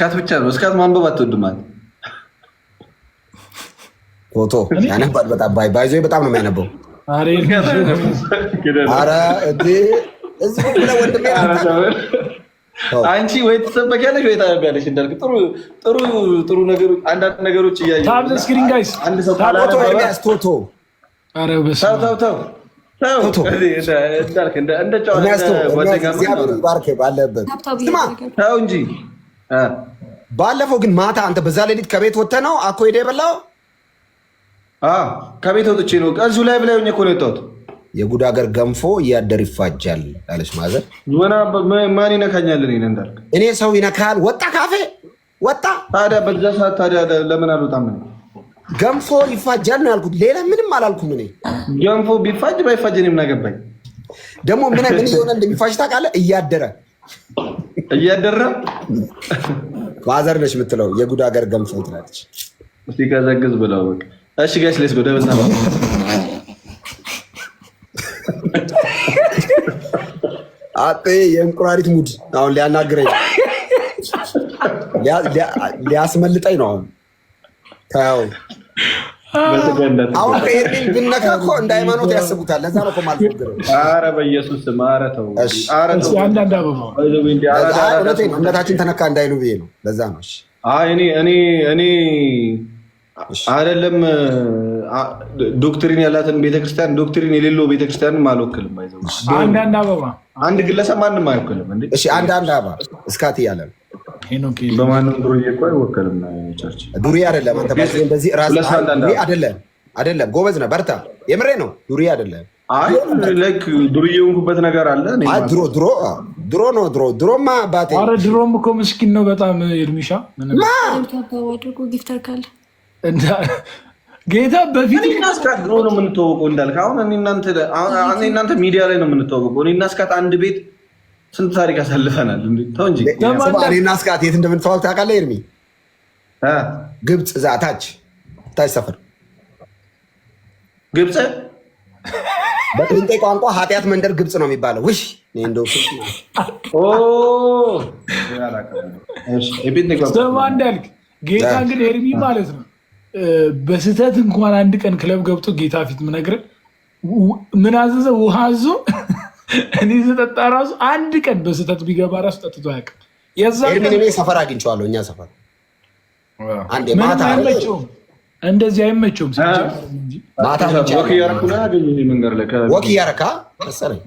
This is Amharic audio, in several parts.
እስካት ብቻ ነው። እስካት ማንበብ አትወድማል። ፎቶ ያነባል። በጣም ባይዞ በጣም ነው የሚያነበው። አንቺ ወይ ትሰበኪያለሽ ወይ ታነቢያለሽ። እንዳልክ ጥሩ ጥሩ ጥሩ አንዳንድ ነገሮች እያየሁ ታብ ስክሪን ጋይስ አንድ ሰው ታቦቶ ቶቶ አረ በስመ አብ ታው ታው ታው እንዳልክ እንደ ባለበት ታው እንጂ ባለፈው ግን ማታ አንተ በዛ ሌሊት ከቤት ወጥተህ ነው አኮ ሄደህ የበላኸው? ከቤት ወጥቼ ነው እዚሁ ላይ ብላ እኮ ነው የወጣሁት። የጉድ ሀገር ገንፎ እያደር ይፋጃል አለች ማዘር። ማን ይነካኛል? እንዳልክ እኔ ሰው ይነካል። ወጣ ካፌ ወጣ። ታዲያ በዛ ሰዓት ታዲያ ለምን አልወጣም? ገንፎ ይፋጃል ነው ያልኩት። ሌላ ምንም አላልኩም። እኔ ገንፎ ቢፋጅ ባይፋጅ እኔ ምን አገባኝ? ደግሞ ምን ምን የሆነ እንደሚፋጅ ታውቃለህ? እያደረ እያደራ ማዘር ነች የምትለው የጉድ ሀገር ገንፎ ትላለች። ሲገዘግዝ ብለው በቃ እሺ ጋሽ ሌስ ወደ በዛ አጤ የእንቁራሪት ሙድ አሁን ሊያናግረኝ ሊያስመልጠኝ ነው አሁን አሁን ከኤርሚን ብነካ እኮ እንደ ሃይማኖት ያስቡታል። ለዛ ነው ማልፈግረ በኢየሱስ ኧረ እምነታችን ተነካ እንዳይሉ ብዬ ነው። ለዛ ነው እኔ አይደለም ዶክትሪን ያላትን ቤተክርስቲያን ዶክትሪን የሌለው ቤተክርስቲያን አልወክልም። አንድ ግለሰብ ማንም አይወክልም። አንድ አንድ አባ እስካት እያለን በማንም ዱርዬ እኮ አይወከልም። ቸርች ዱርዬ አይደለም። አንተ ራስህ አይደለም አይደለም። ጎበዝ ነህ፣ በርታ። የምሬ ነው። ዱርዬ አይደለም። ዱርዬ ሆንኩበት ነገር አለ። ድሮ ድሮ ድሮ ነው ድሮ ድሮማ አባቴ። ኧረ ድሮም እኮ ምስኪን ነው በጣም ኤርሚሻ። ጌታ በፊት ነው የምንተዋወቀው እንዳልክ፣ አሁን እናንተ ሚዲያ ላይ ነው የምንተዋወቀው። እኔ አንድ ቤት ስንት ታሪክ አሳልፈናል። ተው እንጂ እኔና እስካት የት እንደምንተዋወቅ ታውቃለህ? ኤርሚ ግብፅ፣ እዛ ታች ታች ሰፈር ግብፅ፣ በጥንጤ ቋንቋ ኃጢአት መንደር ግብፅ ነው የሚባለው። ውሽ እንደው እንዳልክ ጌታ ግን ኤርሚ ማለት ነው በስህተት እንኳን አንድ ቀን ክለብ ገብቶ ጌታ ፊት ምነግርህ ምን አዘዘ ውሃ አዞ እኔ ስጠጣ ራሱ አንድ ቀን በስህተት ቢገባ ራሱ ጠጥቶ አያውቅም። የዛኔ ሰፈር አግኝቼዋለሁ። እኛ ሰፈር እንደዚህ አይመቸውም። ወክ እያረካ መሰለኝ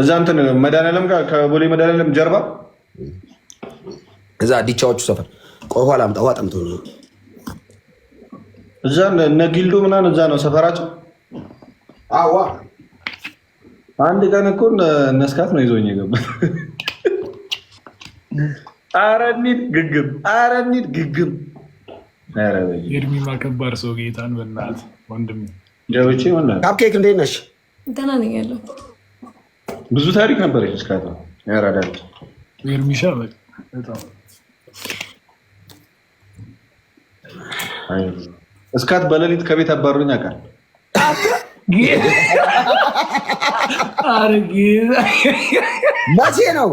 እዛ እንትን መድኃኒዓለም ጋር ከቦሌ መድኃኒዓለም ጀርባ እዛ ዲቻዎቹ ሰፈር ቆይ ኋላ አምጣ ጠምቶ እዛ እነ ጊልዱ ምናምን እዛ ነው ሰፈራቸው። አዋ አንድ ቀን እኮ ነስካት ነው ይዞኝ የገባ። ኧረ እንሂድ ግግም፣ ኧረ እንሂድ ግግም። የእድሜ ማከባድ ሰው ጌታን በናት ወንድም ገብቼ ካፕኬክ እንዴት ነሽ? ደህና ነኝ ያለው ብዙ ታሪክ ነበረች ነስካት ያራዳል ኤርሚሻ እስካት በሌሊት ከቤት አባሩኝ አውቃል። መቼ ነው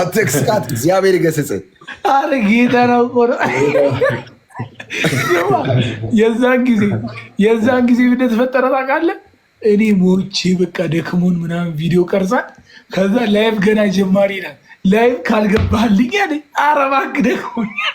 አትክስቃት፣ እግዚአብሔር ገስጽ። አረ ጌታ ነው እኮ የዛን ጊዜ የዛን ጊዜ እንደተፈጠረ ታውቃለህ። እኔ ሞቼ በቃ ደክሞን ምናምን ቪዲዮ ቀርጻል። ከዛ ላይቭ ገና ጀማሪ ናት። ላይቭ ካልገባልኝ አረ እባክህ ደክሞኛል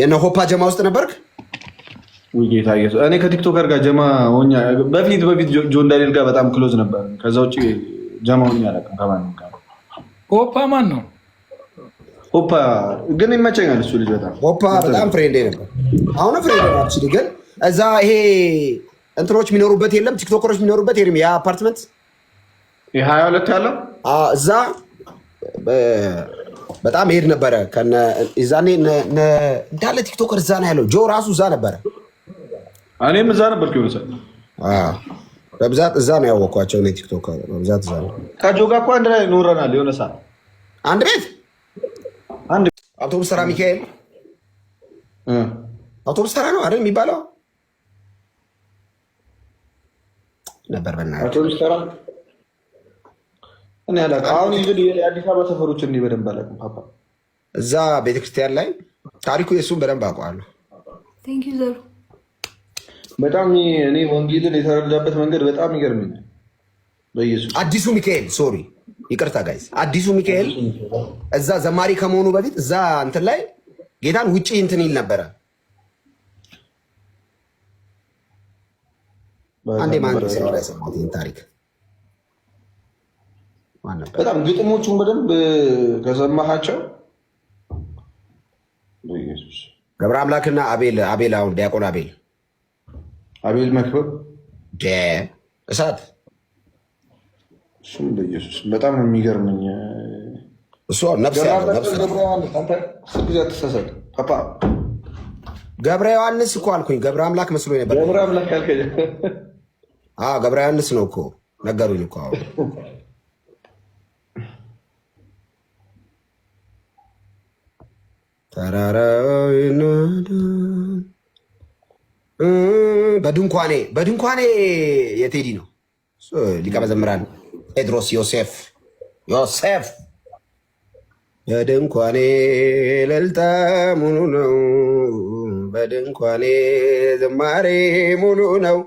የነ ሆፓ ጀማ ውስጥ ነበርክ? ጌታ እኔ ከቲክቶከር ጋር ጀማ ሆኛ በፊት በፊት ጆን ዳንኤል ጋር በጣም ክሎዝ ነበር። ከዛ ውጭ ጀማ ሆኛ አላውቅም ከማንም ጋር። ሆፓ ማን ነው? ሆፓ ግን ይመቸኛል እሱ ልጅ በጣም ሆፓ በጣም ፍሬንዴ ነበር። አሁን ፍሬንዴ ነው ግን እዛ ይሄ እንትኖች የሚኖሩበት የለም ቲክቶከሮች የሚኖሩበት የለም። ያ አፓርትመንት ሀያ ሁለት ያለው እዛ በጣም ሄድ ነበረ። ዛኔ እንዳለ ቲክቶከር እዛ ነው ያለው። ጆ ራሱ እዛ ነበረ። እኔም እዛ ነበር። በብዛት እዛ ነው ያወቅኳቸው እኔ ቲክቶከር በብዛት እዛ ነው። ከጆ ጋር እኮ አንድ ላይ ኖረናል የሆነ ሰዓት አንድ ቤት አውቶቡስ ተራ ሚካኤል አውቶቡስ ተራ ነው አይደል የሚባለው ነበር በና እኔ አላውቅም። አሁን እንግዲህ የአዲስ አበባ ሰፈሮች እንዲህ በደንብ አላውቅም። ፓፓ እዛ ቤተክርስቲያን ላይ ታሪኩ የእሱን በደንብ አውቀዋለሁ። በጣም እኔ ወንጌልን የተረዳበት መንገድ በጣም ይገርመኛል። አዲሱ ሚካኤል ሶሪ፣ ይቅርታ ጋይስ፣ አዲሱ ሚካኤል እዛ ዘማሪ ከመሆኑ በፊት እዛ እንትን ላይ ጌታን ውጭ እንትን ይል ነበረ። አንዴ ማን ሰማት ታሪክ በጣም ግጥሞቹን በደንብ ከሰማሃቸው ገብረ አምላክና አቤል አቤል አሁን ዲያቆን አቤል አቤል መክበብ እሳት እሱም በኢየሱስ በጣም ነው የሚገርመኝ። እሱ ነፍስ ጊዜ ፓፓ ገብረ ዮሐንስ እኮ አልኩኝ። ገብረ አምላክ መስሎ ነበር። ገብረ አምላክ ያልከኝ ገብረ ዮሐንስ ነው እኮ ነገሩኝ እኮ ተራራው በድንኳኔ በድንኳኔ የቴዲ ነው። ሊቀ መዘምራን ጴጥሮስ ዮሴፍ ዮሴፍ በድንኳኔ ለልታ ሙሉ ነው። በድንኳኔ ዝማሬ ሙሉ ነው።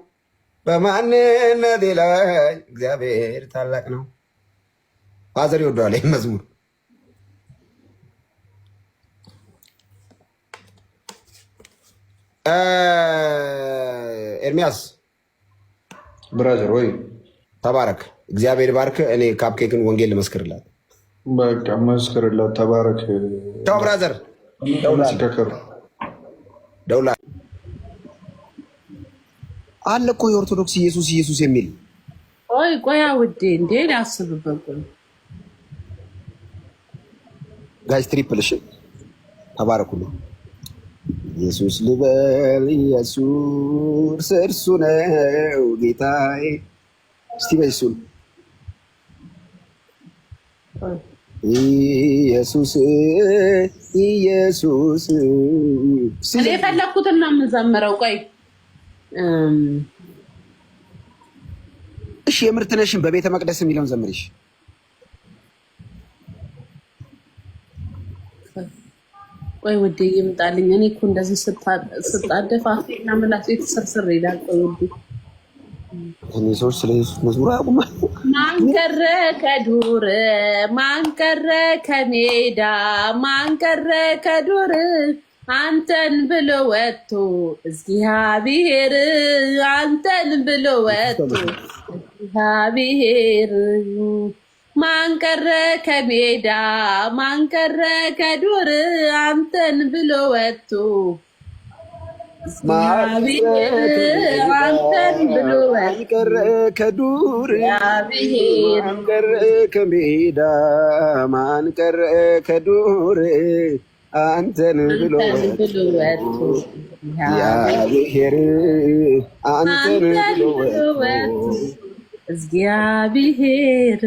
በማንነት ላይ እግዚአብሔር ታላቅ ነው። ፋዘር ይወደዋል ይህ መዝሙር ኤርሚያስ ብራዘር ወይ ተባረክ፣ እግዚአብሔር ባርክ። እኔ ካፕኬክን ወንጌል ልመስክርላት፣ በቃ መስክርላት። ተባረክ። ተው ብራዘር፣ ደውላ አለ እኮ የኦርቶዶክስ ኢየሱስ ኢየሱስ የሚል ቆይ ቆያ ውዴ፣ እንዴ ሊያስብበት ጋይስ ትሪፕልሽ ተባረኩልኝ። ኢየሱስ ልበል ኢየሱስ እርሱ ነው ጌታዬ። እስቲ በይሱን ኢየሱስ ኢየሱስ። እኔ የፈለኩትን የምንዘምረው። ቆይ እሺ፣ የምርትነሽን በቤተ መቅደስ የሚለውን ዘምሪሽ ቆይ ውዴ ይምጣልኝ። እኔ እኮ እንደዚህ ስጣደፍ አፌና ምላሴ የተሰርስር ይላል። ቆይ ውዴ እኔ ሰዎች ስለ ኢየሱስ መዝሙር አያውቁም። ማንቀረ ከዱር ማንቀረ ከሜዳ ማንቀረ ከዱር አንተን ብሎ ወጥቶ እግዚአብሔር አንተን ብሎ ወጥቶ እግዚአብሔር ማንቀረ ከሜዳ ማንቀረ ከዱር አንተን ብሎ ወጥቶ አንተን ብሎ ማንቀረ ከዱር ማንቀረ ከሜዳ ማንቀረ ከዱር አንተን ብሎ ያብሔር አንተን ብሎ ወጥቶ እግዚአብሔር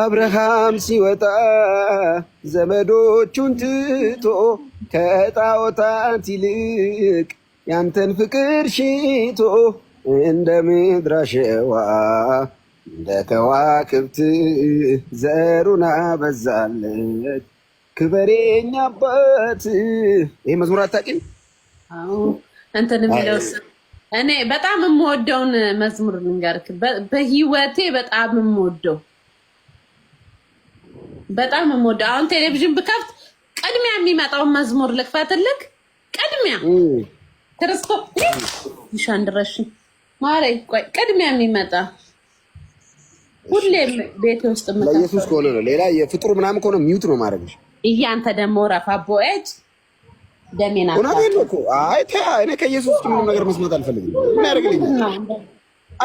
አብርሃም ሲወጣ ዘመዶቹን ትቶ ከጣዖታት ይልቅ ያንተን ፍቅር ሽቶ እንደ ምድር አሸዋ እንደ ከዋክብት ዘሩን አበዛለት። ክበሬኛ አባት ይህ መዝሙር አታውቂም? እንትን የሚለው እኔ በጣም የምወደውን መዝሙር ልንገርክ። በህይወቴ በጣም የምወደው በጣም የምወደው አሁን ቴሌቪዥን ብከፍት ቅድሚያ የሚመጣውን መዝሙር ልክፈትልክ። ቅድሚያ ክርስቶ ሻንድረሽ ማሬ ቆይ፣ ቅድሚያ የሚመጣ ሁሌም ቤት ውስጥ ለኢየሱስ ከሆነ ነው። ሌላ የፍጡር ምናምን ከሆነ ሚውት ነው ማድረግሽ። እያንተ ደግሞ ረፋ ቦኤጅ ደሜና አይ እኔ ከኢየሱስ ምንም ነገር መስማት አልፈልግም። ምን ያደርግልኝ?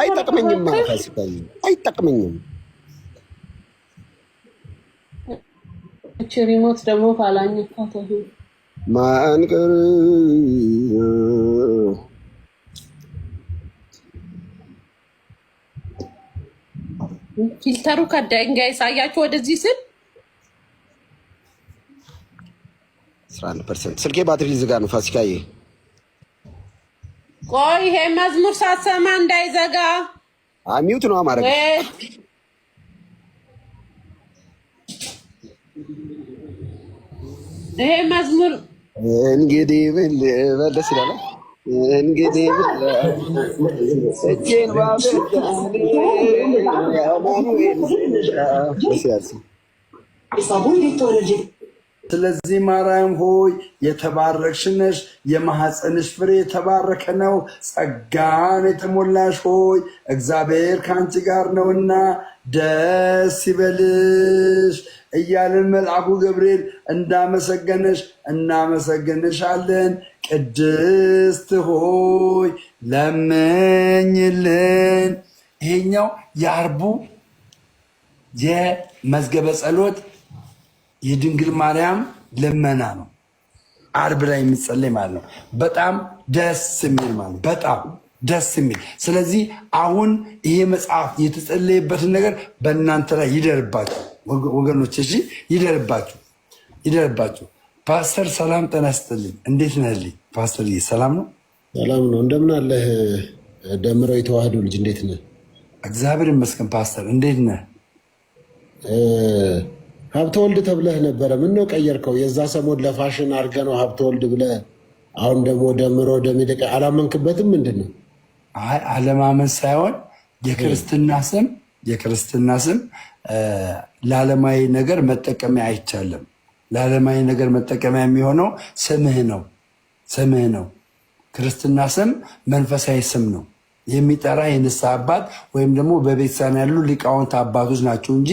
አይጠቅመኝም፣ አይጠቅመኝም። ሪሞት ደግሞ ማንቅር ፊልተሩ ከዳኝ ጋይስ ወደዚህ ስል 11 ስልኬ ባትሪ ሊዝጋ ነው። ፋሲካዬ ቆይ ይሄ መዝሙር ሳሰማ እንዳይዘጋ ሚውት ነው ማድረግ ይሄ መዝሙር እንግዲህ ምን በደስ ይላል። እንግዲህ እጄን ባበዳኔ ስለዚህ ማርያም ሆይ የተባረክሽ ነሽ፣ ፍሬ የተባረከ ነው። ጸጋን የተሞላሽ ሆይ እግዚአብሔር ከአንቺ ጋር ነውና ደስ ይበልሽ እያልን መልአኩ ገብርኤል እንዳመሰገነሽ እናመሰግንሻለን። ቅድስት ሆይ ለምኝልን። ይሄኛው የአርቡ የመዝገበ ጸሎት የድንግል ማርያም ልመና ነው። አርብ ላይ የሚጸለይ ማለት ነው። በጣም ደስ የሚል ማለት በጣም ደስ የሚል ስለዚህ አሁን ይሄ መጽሐፍ የተጸለየበትን ነገር በእናንተ ላይ ይደርባችሁ ወገኖች፣ እሺ ይደርባችሁ፣ ይደርባችሁ። ፓስተር ሰላም ጤና ይስጥልኝ። እንዴት ነህልኝ ፓስተር? ሰላም ነው፣ ሰላም ነው። እንደምን አለህ ደምረው? የተዋህዶ ልጅ እንዴት ነህ? እግዚአብሔር ይመስገን። ፓስተር እንዴት ነህ? ሀብተወልድ ተብለህ ነበረ። ምን ነው ቀየርከው? የዛ ሰሞን ለፋሽን አድርገ ነው ሀብተወልድ ብለህ አሁን ደግሞ ደምሮ ደሚደቀ አላመንክበትም? ምንድን ነው አለማመን ሳይሆን የክርስትና ስም የክርስትና ስም ለዓለማዊ ነገር መጠቀሚያ አይቻልም። ለዓለማዊ ነገር መጠቀሚያ የሚሆነው ስምህ ነው። ስምህ ነው። ክርስትና ስም መንፈሳዊ ስም ነው። የሚጠራ የንስሐ አባት ወይም ደግሞ በቤተሰብ ያሉ ሊቃውንት አባቶች ናቸው እንጂ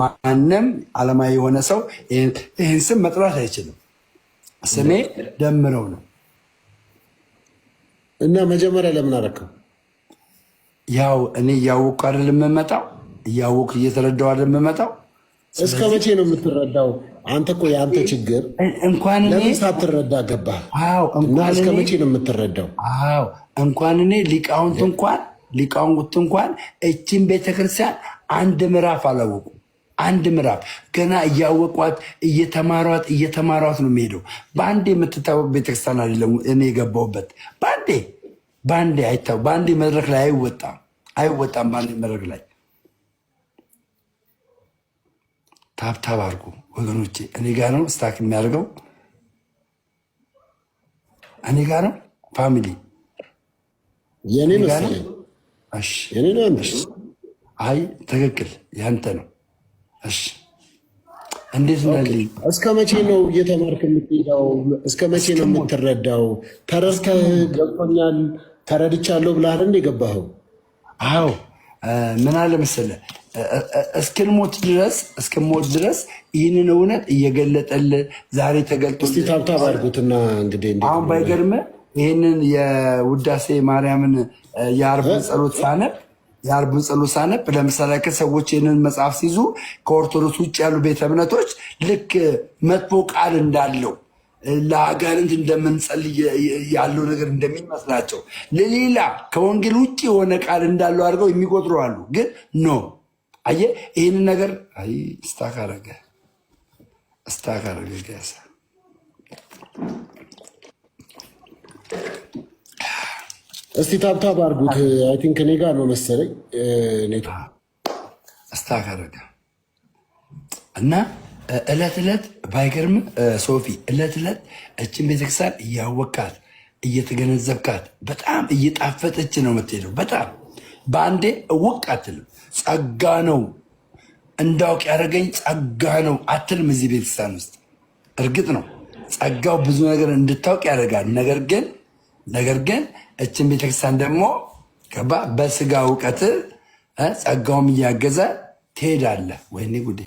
ማንም አለማዊ የሆነ ሰው ይህን ስም መጥራት አይችልም። ስሜ ደምረው ነው እና መጀመሪያ ለምን አረከው? ያው እኔ እያወቅኩ አይደል የምመጣው፣ እያወቅኩ እየተረዳው አይደል የምመጣው። እስከ መቼ ነው የምትረዳው? አንተ እኮ የአንተ ችግር ለምን ሳትረዳ ገባህ እና እስከ መቼ ነው የምትረዳው? እንኳን እኔ ሊቃውንት እንኳን ሊቃውንት እንኳን እችን ቤተክርስቲያን አንድ ምዕራፍ አላወቁ። አንድ ምዕራፍ ገና እያወቋት እየተማሯት እየተማሯት ነው የሚሄደው። በአንዴ የምትታወቅ ቤተክርስቲያን አይደለም። እኔ የገባሁበት በአንዴ በአንዴ አይታወቅ፣ በአንዴ መድረክ ላይ አይወጣም፣ አይወጣም በአንዴ መድረክ ላይ ታብታብ አድርጎ ወገኖቼ እኔ ጋር ነው ስታክ የሚያደርገው፣ እኔ ጋር ነው ፋሚሊ አይ ትክክል፣ ያንተ ነው። እሺ እንዴት ነልኝ? እስከ መቼ ነው እየተማርክ የምትሄደው? እስከ መቼ ነው የምትረዳው? ተረድተህ ገብቶኛል ተረድቻለሁ ብለሃል እንደ የገባኸው? አዎ ምን አለ መሰለህ እስክንሞት ድረስ እስክንሞት ድረስ ይህንን እውነት እየገለጠል ዛሬ ተገልጦ ታብታባርጉትና እንግዲህ አሁን ባይገርም ይህንን የውዳሴ ማርያምን የአርብን ጸሎት ሳነብ የአርብን ጸሎት ሳነብ ለምሳሌ ሰዎች ይህንን መጽሐፍ ሲይዙ ከኦርቶዶክስ ውጭ ያሉ ቤተ እምነቶች ልክ መጥፎ ቃል እንዳለው ለአጋንንት እንደምንጸልይ ያለው ነገር እንደሚመስላቸው ለሌላ ከወንጌል ውጭ የሆነ ቃል እንዳለው አድርገው የሚቆጥሩ አሉ። ግን ኖ አየ ይህን ነገር አይ ስታክ አረገ ስታክ አረገ ጋሳ እስቲ ታብታብ አድርጉት። አይ ቲንክ እኔ ጋር ነው መሰለኝ ኔቶ ስታክ አረገ እና እለት እለት ባይገርም ሶፊ እለት እለት እችን ቤተክርስቲያን እያወካት እየተገነዘብካት በጣም እየጣፈጠች ነው የምትሄደው በጣም በአንዴ እውቅ አትልም። ጸጋ ነው እንዳውቅ ያደረገኝ ጸጋ ነው አትልም። እዚህ ቤተክርስቲያን ውስጥ እርግጥ ነው ጸጋው ብዙ ነገር እንድታውቅ ያደርጋል። ነገር ግን ነገር ግን እችን ቤተክርስቲያን ደግሞ ገባ በስጋ እውቀት ጸጋውም እያገዘ ትሄዳለህ። ወይኔ ጉዴ!